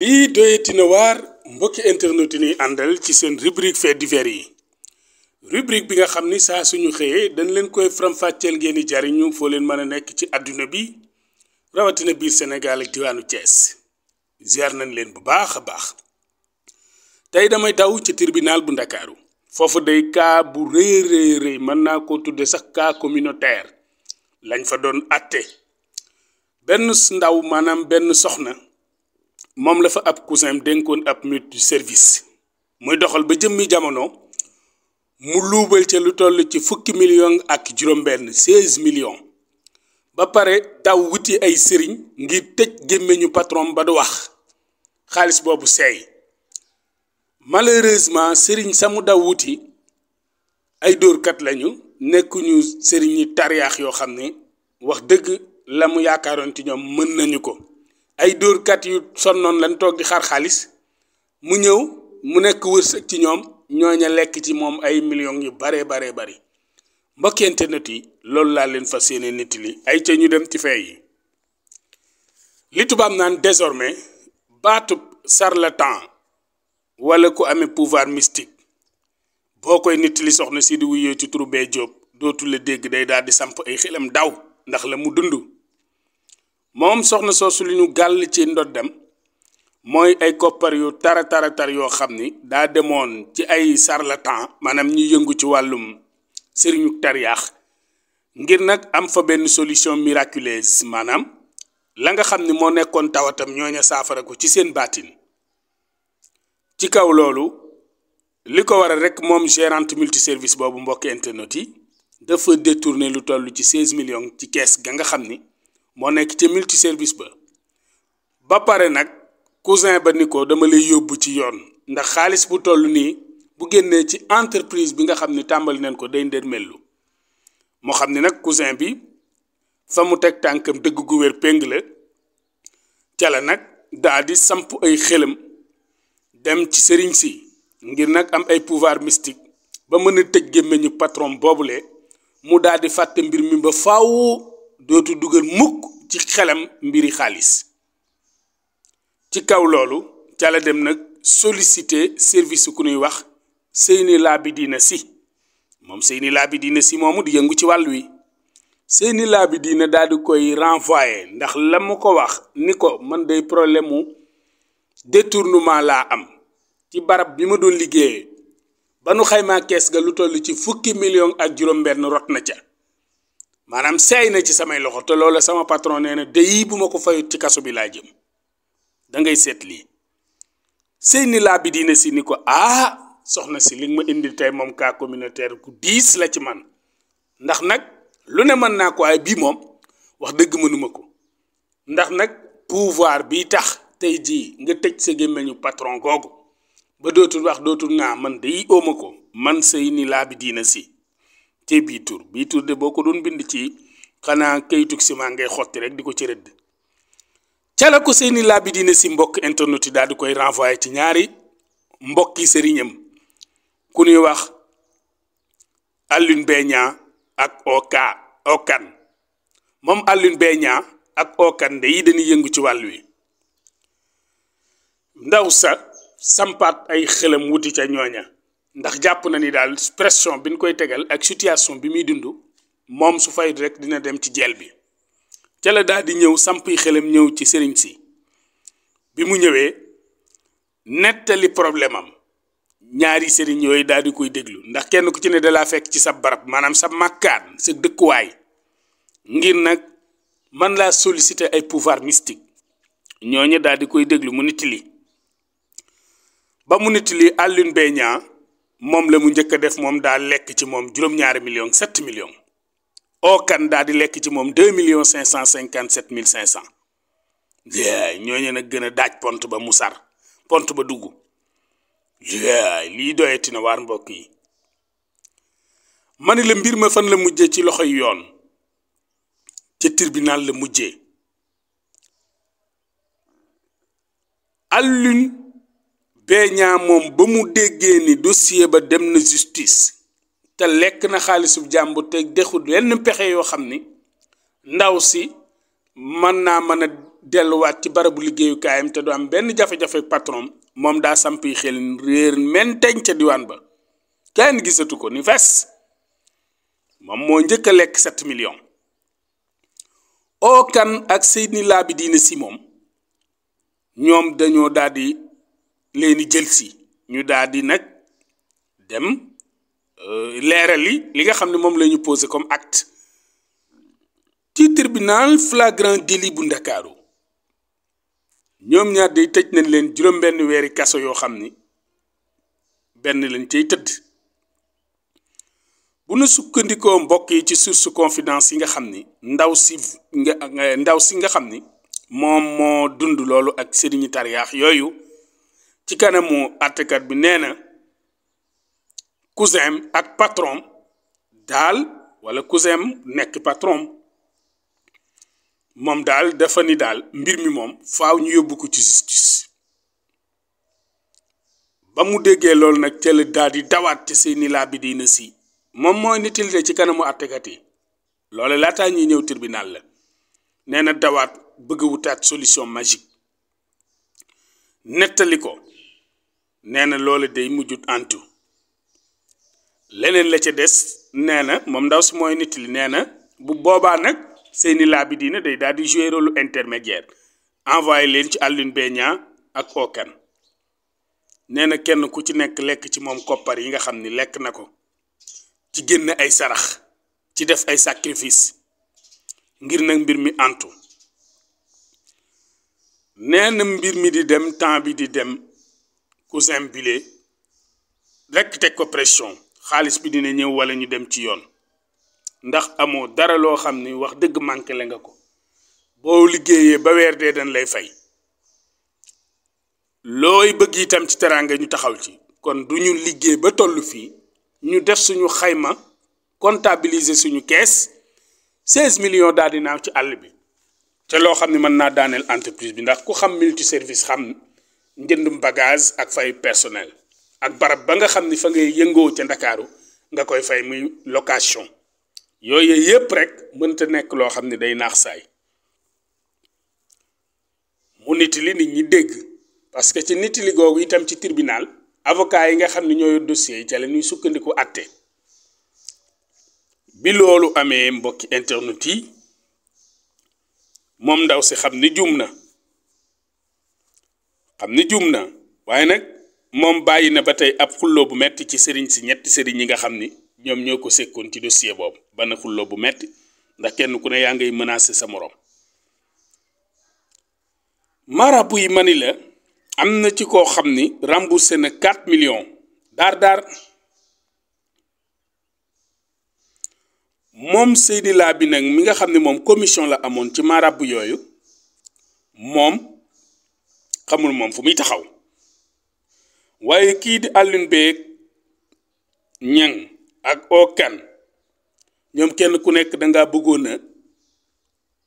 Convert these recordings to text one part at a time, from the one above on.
lii doyati na waar mbokki internet yi àndal ci seen rubrique faits divers yi rubrique bi nga xam ni saa suñu xëyee dañ leen koy faram-fàcceel ngeen di jariñu foo leen mën a nekk ci àdduna bi rawatina biir senegal ak diwaanu Thiès ziar nañ leen bu baax a baax tey damay daw ci tribunal bu ndakaaru foofu day kaa bu rëy rëy mën naa ko tudde sax cas communautaire lañ fa doon atte benn ndaw maanaam benn soxna moom la fa ab cousin am dénkoon ab multi service muy doxal ba jëmmi jamono mu luubal ca lu toll ci fukki million ak juróom-benn seize millions ba pare daw wuti ay sëriñ ngir tëj gémmiñu patron ba du wax xaalis boobu seey malheureusement sëriñ samu daw wuti ay dóorkat lañu nekkuñu sëriñ yi tariyaax yoo xam ne wax dëgg la mu yaakaaroon ci ñoom mën nañu ko ay dóorkat yu son sonnoon lañ togg di xaar xaalis mu ñëw mu nekk wërsëg ci ñoom ñooña lekk ci moom ay millions yu baree baree bari mbokk internet yi loolu laa leen fa yéene nit li ay ca ñu dem ci fee yi li tubaab naan désormais baatub temps wala ku amee pouvoir mystique boo koy nit li soxna si di wuyoo ci turu bee Jóob dootu la dégg day daal di samp ay xelam daw ndax la mu dund moom soxna soosu li ñu gàll ci dem mooy ay koppar yu tara tara tar yoo xam ni daa demoon ci ay charlatan maanaam ñu yëngu ci wàllum sëriñu tariyaax ngir nag am fa benn solution miraculeuse maanaam la nga xam ni moo nekkoon tawatam ñooña saafara ko ci seen baatin ci kaw loolu li ko waral rek moom gérante multiservice boobu mbokk internet yi dafa détourné lu toll ci 16 millions ci kees ga nga xam ni moo nekk ci multi service ba ba pare nag cousin ba ni ko dama lay yóbbu ci yoon ndax xaalis bu toll nii bu génnee ci entreprise bi nga xam ne tàmbali nañ ko day ndër mellu moo xam ne nag cousin bi fa mu teg tànkam dëgg gu wér péng la cala nag daa di samp ay xelam dem ci sëriñ si ngir nag am ay pouvoir mystique ba mën a tëj gémmiñu patron boobule mu daal di fàtte mbir mi ba faw dootu dugal mukk ci xelam mbiri xaalis ci kaw loolu ca la dem nag solliciter service ku nuy wax Seyni diina Si moom bi Laabidina Si moomu di yëngu ci wàll wi bi diina daal di koy renvoyer ndax la mu ko wax ni ko man day problème mu détournement laa am ci barab bi ma doon liggéeyee ba nu xaymaa kees ga lu toll ci fukki million ak juróom-benn rot na ca maanaam seey na ci samay loxo te loolo sama patron nee na deyi bu ma ko fayut ci kaso bi laa jëm da ngay seet lii sëy ni laa bi diina si ni ko ah soxna si li nga ma indi tey moom kaa communautaire ku diis la ci man ndax nag lu ne mën naa ko waaye bii moom wax dëgg mënuma ko ndax nag pouvoir bi tax tey jii nga tëj sa gémmeñu patron googu ba dootul wax dootul naa man day óoma ko man sëy ni laa bi diina si ci bii tur bii tur de boo ko doon bind ci xanaa kayitug ciment ngay xotti rek di ko ci rëdd ca la ko seeni diine si mbokk internet yi daal di koy renvoyé ci ñaari mbokki sëriñam ku ñuy wax Alioune Beña ak Oka Okan moom Alioune Beña ak Okan de yi dañuy yëngu ci wàll wi ndaw sa sampaat ay xelam wuti ca ñooña ndax jàpp na ni daal pression bi ñu koy tegal ak situation bi muy dund moom su fay direk dina dem ci jeel bi ca la daal di ñëw sampi yi xelam ñëw ci sëriñ si bi mu ñëwee nettali problème am ñaari sëriñ yooyu daal di koy déglu ndax kenn ku ci ne dalaa fekk ci sa barab maanaam sa makkaan sa dëkkuwaay ngir nag man laa solicité ay pouvoir mystique ñooñu daal di koy déglu mu nit li ba mu nit li Alioune Mbaye moom la mu njëkk a def moom daa lekk ci moom juróom-ñaari millions million millions kan daa di lekk ci moom deux million cinq cent cinquante sept mille cinq ñoo ñooñu nag gën a daaj pont ba mu sar pont ba dugg lii doyati na waar mbokk yi ma ne la mbir ma fan la mujjee ci loxoy yoon ci tribunal la mujjee Alioune Beñaa moom ba mu déggee ni dossier ba dem na justice te lekk na xaalisu jàmbur te dexu lenn pexe yoo xam ni ndaw si mën naa mën a delluwaat ci barabu liggéeyukaayam te du am benn jafe-jafe patron moom daa sampi xel réer menteñ ca diwaan ba kenn gisatu ko ni fes moom moo njëkk a lekk sept millions ookan ak Seyni Laabidine Si moom ñoom dañoo daal leeni jël si ñu daal di nag dem euh, leeral yi li nga xam ne moom la ñu posé comme acte ci tribunal flagrant délit bu ndakaaru ñoom ñaar day tëj nañ leen juróom benn weeri kaso yoo xam ni benn lañ cay tëdd bu na sukkandikoo mbokk yi ci source confidence yi nga xam ni ndaw si nga xam ni moom moo dund loolu ak sëriñu tariyaax yooyu ci kanamu àttekat bi nee na cousin ak patron daal wala cousin nekk patron moom daal dafa ni daal mbir mi moom faaw ñu yóbbu ko ci justice ba mu déggee loolu nag teel daal di dawaat ci seeni laa bi diina si moom mooy nitilde ci kanamu àttekat yi loole laataa ñuy ñëw tirbinaal la nee na dawaat bëgg wutaat solution magique nettali ko nee na loola day mujjut antu leneen la ca des nee na moom ndaw si mooy nit li nee na bu boobaa nag seeni laabi diina day daal di jouer rôle envoyé leen ci Alioune Beña ak Okan nee na kenn ku ci nekk lekk ci moom koppar yi nga xam ni lekk na ko ci génn ay sarax ci def ay sacrifice ngir nag mbir mi antu nee na mbir mi di dem temps bi di dem cousin bile rekk teg ko pression xaalis bi dina ñëw walla ñu dem ci yoon ndax amoo dara loo xam ni wax dëgg manqué la nga ko boo liggéeyee ba weer dee dañ lay fay looy bëgg itam ci teraanga ñu taxaw ci kon du ñu liggéey ba toll fii ñu def suñu xayma comptabiliser suñu kees 16 million daal di naaw ci àll bi te loo xam ne mën naa daaneel entreprise bi ndax ku xam multi service xam njëndum bagage ak fay personnel ak barab ba nga xam ni fa ngay yëngoo ca ndakaaru nga koy fay muy location yooy yëpp rek mënta nekk loo xam ni day naax saay mu nit li nit ñi dégg parce que ci nit li googu itam ci tirbinal avocat yi nga xam ni ñoo yor dossier yi ca la ñuy sukkandiku àtte bi loolu amee mbokki internet yi moom ndaw si xam ni juum na xam ni juum na waaye nag moom bàyyi na ba tey ab xulloo bu metti ci sëriñ si ñetti sëriñ yi nga xam ni ñoom ñoo ko sekkoon ci dossier boobu ba xulloo bu metti ndax kenn ku ne yaa ngay menacer sa moroom marabu yi mani la am na ci koo xam ni ràmbu na 4 million daar daar moom Seydi Laabi nag mi nga xam ne moom commission la amoon ci marabu yooyu moom xamul moom fu muy taxaw waaye kii di Alioune Mbaye ñang ak Okan ñoom kenn ku nekk dangaa bëggoon a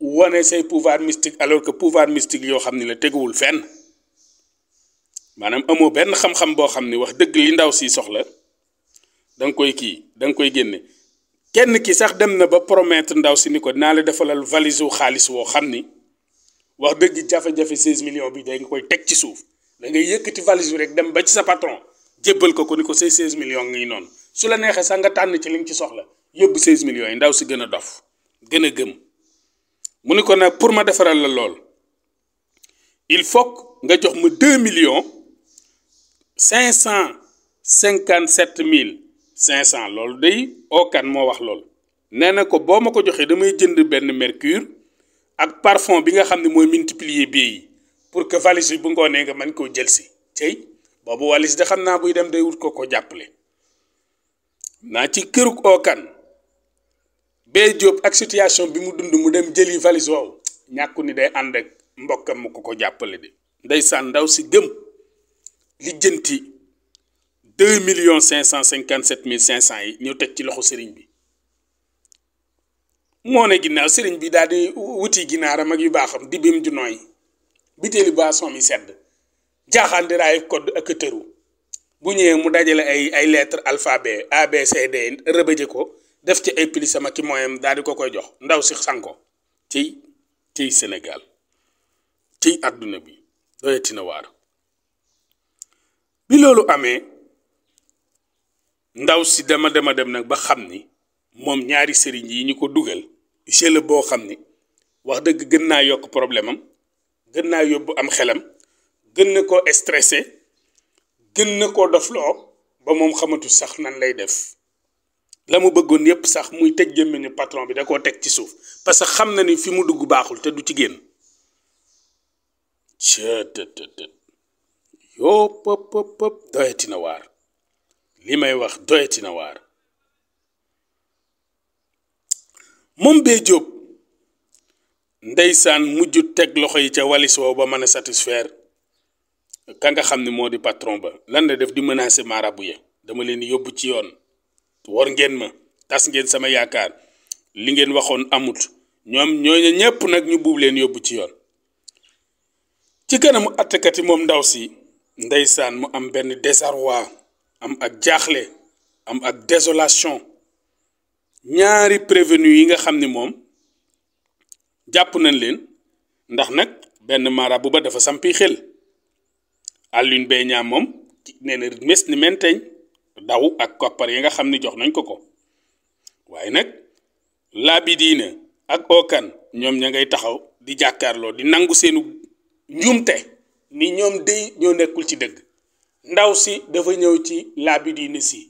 wane say pouvoir mystique alors que pouvoir mystique yoo xam ne la teguwul fenn maanaam amoo benn xam-xam boo xam ne wax dëgg li ndaw si soxla danga koy kii danga koy génne kenn ki sax dem na ba promettre ndaw si ni ko naa la defalal valise wu xaalis woo xam ni wax dëgg jafe-jafe million millions bi da nga koy teg ci suuf dangay yëkkati valise bi rek dem ba ci sa patron jébbal ko ko ni ko say million millions ngi noonu su la neexee sax nga tànn ci li nga ci soxla yóbbu 16 millions yi ndaw si gën a dof gën a gëm mu ni ko nag pour ma defaral la lool il faut nga jox ma 2 millions 557 mille 500 loolu day ookan moo wax lool nee na ko boo ma ko joxee damay jënd benn mercure. ak parfum bi nga xam ne mooy multiplier bee pour que valise bi bu ngoonee nga mën koo jël si tey boobu valise da xam naa buy dem day wut ko ko jàppale naa ci kërug ookan bee Jóob ak situation bi mu dund mu dem jëli valise woowu ñàkku ni day ànd ak mbokkam mu ko ko jàppale de ndeysaan ndaw si gëm lijjanti deux millions cinq cent cinquante sept mille cinq cent yi ñëw teg ci loxo sëriñ bi moo ne ginnaaw sëriñ bi daal di wuti ginnaaram ak yu baaxam di bim ju nooy bitéeli boisson mi sedd jaaxaan di raay code ak tëru bu ñëwee mu dajale ay ay lettre alphabet A rëbëje ko def ci ay pilis sama ki mooyam daal di ko koy jox ndaw si sanko ciy ciy Sénégal ciy àdduna bi doyati bi loolu amee ndaw si dama dema dem nag ba xam ni moom ñaari sëriñ yi ñu ko dugal jële boo xam ni wax dëgg gën naa yokk problème am gën naa yóbbu am xelam gën na koo estressé gën na koo dofloo ba moom xamatul sax nan lay def la mu bëggoon yépp sax muy teg tëj ni patron bi da koo teg ci suuf parce que xam na ni fi mu dugg baaxul te du ci génn cëtëtëtët yoo pëp pëp pëp waar li may wax doyati waar moom bee jóob ndeysaan mujj teg loxo yi ca walis woow ba mën a satisfaire ka nga xam ne moo di patron ba lan la def di menacer marabu ya dama leen yóbbu ci yoon war ngeen ma tas ngeen sama yaakaar li ngeen waxoon amut ñoom ñooñu ñëpp nag ñu buub leen yóbbu ci yoon ci kanamu attakati moom ndaw si ndeysaan mu am benn désarroi am ak jaaxle am ak désolation ñaari prévenu yi nga xam ni moom jàpp nañ leen ndax nag benn marabu ba dafa sampi xel Alioune Mbaye Niang moom nee mes ni menteñ daw ak koppar yi nga xam ni jox nañ ko ko waaye nag laabi diina ak okan ñoom ña ngay taxaw di jàkkaarloo di nangu seenu njuumte ni ñoom dey ñoo nekkul ci dëgg ndaw si dafa ñëw ci laabi diina si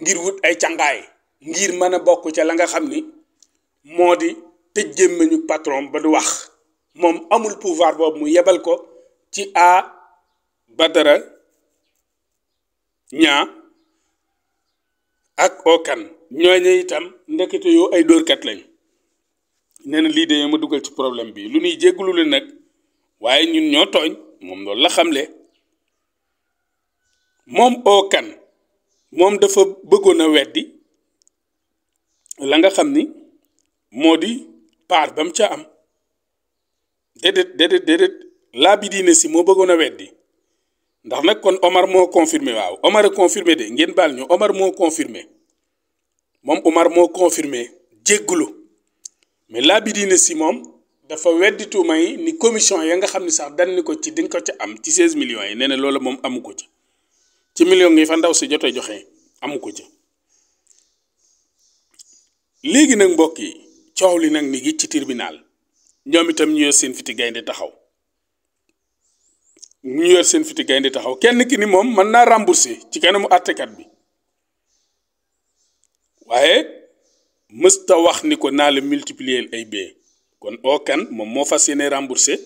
ngir wut ay càngaay ngir mën a bokk ca la nga xam ni moo di tëj gémmiñu patron ba du wax moom amul pouvoir boobu mu yebal ko ci a Badara ñaa ak okan ñooñu itam ndekete yoo ay dóorkat lañ nee na lii de ma dugal ci problème bi lu ñuy jéggulu leen nag waaye ñun ñoo tooñ moom loolu la xamle moom okan moom dafa bëggoon a weddi la nga xam ni moo di paar ba mu ca am déedéet déedéet déedéet laa bi diine si moo bëggoon a weddi ndax nag kon Omar moo confirmé waaw Omar a confirmé ngeen baal ñu Omar moo moom Omar moo confirmé jéggulu mais laa bidiine si moom dafa weddi tuuma yi ni commission ya nga xam ne sax dan ni ko ci dinga ko ca am ci 16 millions yi nee na loolu moom amu ko ci ci million yi fa ndaw si jotee joxe amu ko ci léegi nag mbokk yi coow li nag mi ngi ci tribunal ñoom itam ñu yor seen fiti gaynde taxaw ñu yor seen fiti gaynde taxaw kenn ki ni moom mën naa rembourser ci kanamu àttekat bi waaye mësta wax ni ko naa la multiplier ay bee kon kan moom moo fas yéene rembourser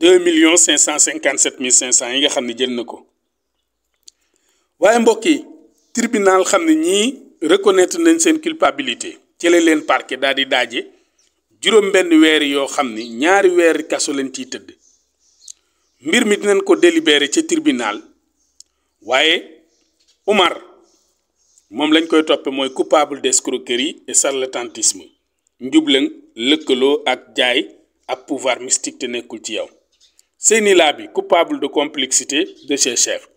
deux millions cinq cent cinquante sept mille cinq cent yi nga xam ne jël na ko waaye mbokk yi xam ne ñii reconnaitre nañ seen culpabilité ci leen parquet daal di daaje juróom benn weer yoo xam ni ñaari weeri kaso leen ciy tëdd mbir mi dinañ ko délibéré ci tribunal waaye Umar moom lañ koy toppe mooy coupable d'escroquerie et charlatanisme njublaŋ lëkkaloo ak jaay ak pouvoir mystique te nekkul ci yow Seyni Labi coupable de complexité de ses chefs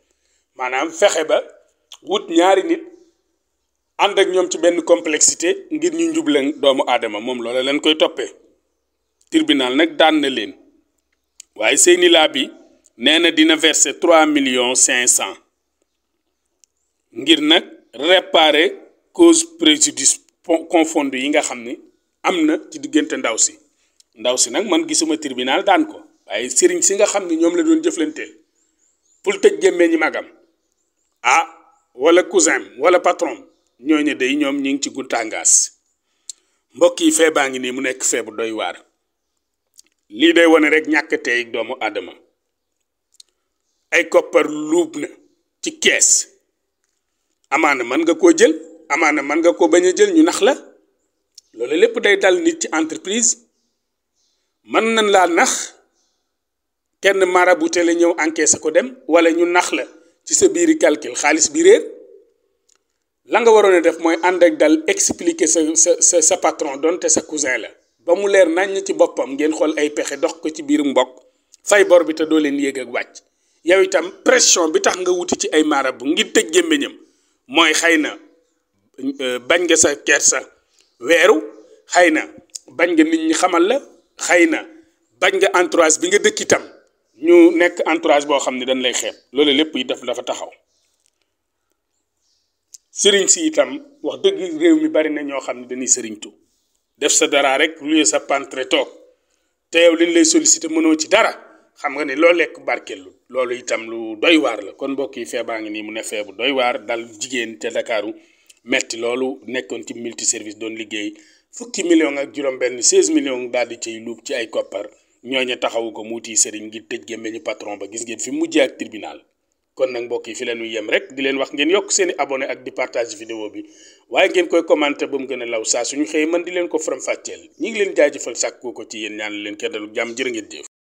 maanaam fexe ba wut ñaari nit ànd ak ñoom ci benn complexité ngir ñu njubleen doomu aadama moom loola leen koy toppee tribunal nag daan na leen waaye seeni bi nee na dina verser trois millions cinq cent ngir nag réparer cause préjudice confondu yi nga xam ni am na ci diggante ndaw si ndaw si nag man gisuma tribunal daan ko waaye sëriñ si nga xam ne ñoom la doon jëflanteel pour tëj gémmee ñi magam ah wala cousin wala patron ñooñu day ñoom ñu ngi ci guttàngaas mbokk yi fee baa ngi nii mu nekk fee bu doy waar lii day wane rek ñàkk tey doomu aadama ay koppar luub na ci kees amaana mën nga koo jël amaana mën nga ko bañ a jël ñu nax la loolu lépp day dal nit ci entreprise mën na laa nax kenn marabouté la ñëw encaissé ko dem wala ñu nax la ci sa biiri calcul xaalis bi réer la nga waroon a def mooy ànd ak dal expliquer sa sa sa patron donte sa cousin la ba mu leer naññ ci boppam ngeen xool ay pexe dox ko ci biir mbokk fay bor bi te doo leen yéeg ak wàcc yow itam pression bi tax nga wuti ci ay maarab bu ngir tëj gémmiñam mooy xëy na euh, bañ nga sa kersa weeru xëy na bañ nga nit ñi xamal la xëy na bañ nga entourage bi nga dëkk itam ñu nekk entourage boo xam ne dañ lay xeeb loolu lépp yi daf dafa taxaw sëriñ si itam wax dëgg réew mi bari na ñoo xam ne dañuy sëriñtu def sa dara rek lu sa pantre toog te yow liñ lay sollicité mënoo ci dara xam nga ne loo lekk barkeelu loolu itam lu doy waar la kon mbokk yi feebaa ngi nii mu ne feebu doy waar dal jigéen te Ndakaaru metti loolu nekkoon ci multi service doon liggéey fukki million ak juróom-benn 16 millions daal di cay luub ci ay koppar ñooña taxawu ko muuti sëriñ ngir tëj gémmeñu patron ba gis ngeen fi mujjee ak tribunal. kon nag mbokk yi fi la ñuy yem rek di leen wax ngeen yokk seen i abonné ak di partage bi waaye ngeen koy commenté ba mu gën a law saa suñu xëy man di leen ko faram-fàcceel ñi ngi leen jaajëfal sàkku ko ci yéen ñaan leen kenn dalu jàmm jërë ngeen jëf